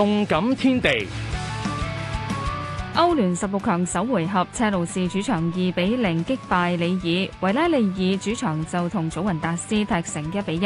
動感天地，歐聯十六強首回合，車路士主場二比零擊敗里爾，維拉利爾主場就同祖雲達斯踢成一比一。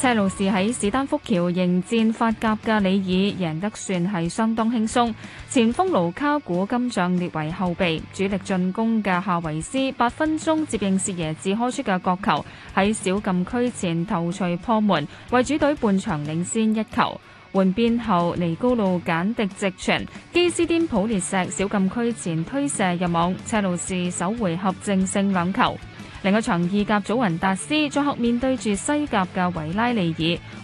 車路士喺史丹福橋迎戰法甲嘅里爾，贏得算係相當輕鬆。前鋒盧卡古今仗列為後備，主力進攻嘅夏維斯八分鐘接應薛耶治開出嘅角球喺小禁區前頭槌破門，為主隊半場領先一球。換邊後，尼高路簡迪直傳，基斯甸普列錫小禁區前推射入網，車路士首回合正勝兩球。另一場意甲，祖雲達斯在後面對住西甲嘅維拉利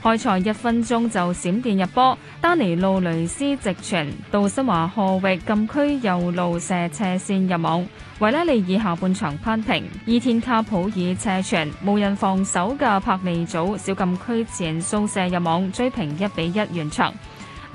爾，開賽一分鐘就閃電入波，丹尼路雷斯直傳杜辛華荷域禁區右路射斜線入網。維拉利爾下半場扳平，伊天卡普爾斜傳無人防守嘅柏利祖小禁區前掃射入網追平一比一完場。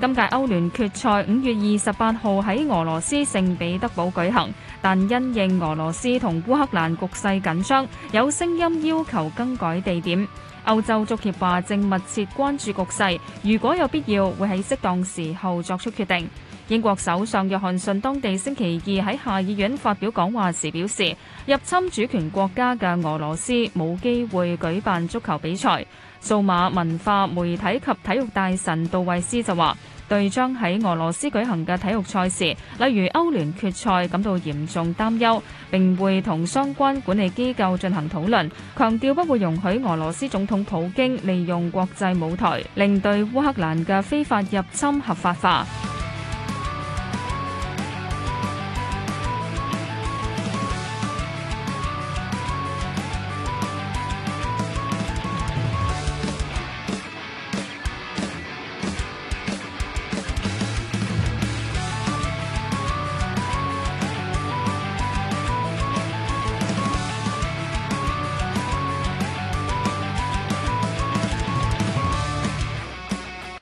今屆歐聯決賽五月二十八號喺俄羅斯聖彼得堡舉行。但因應俄羅斯同烏克蘭局勢緊張，有聲音要求更改地點。歐洲足協話正密切關注局勢，如果有必要，會喺適當時候作出決定。英國首相約翰遜當地星期二喺下議院發表講話時表示，入侵主權國家嘅俄羅斯冇機會舉辦足球比賽。數碼文化媒體及體育大臣杜維斯就話。對將喺俄羅斯舉行嘅體育賽事，例如歐聯決賽，感到嚴重擔憂，並會同相關管理機構進行討論，強調不會容許俄羅斯總統普京利用國際舞台，令對烏克蘭嘅非法入侵合法化。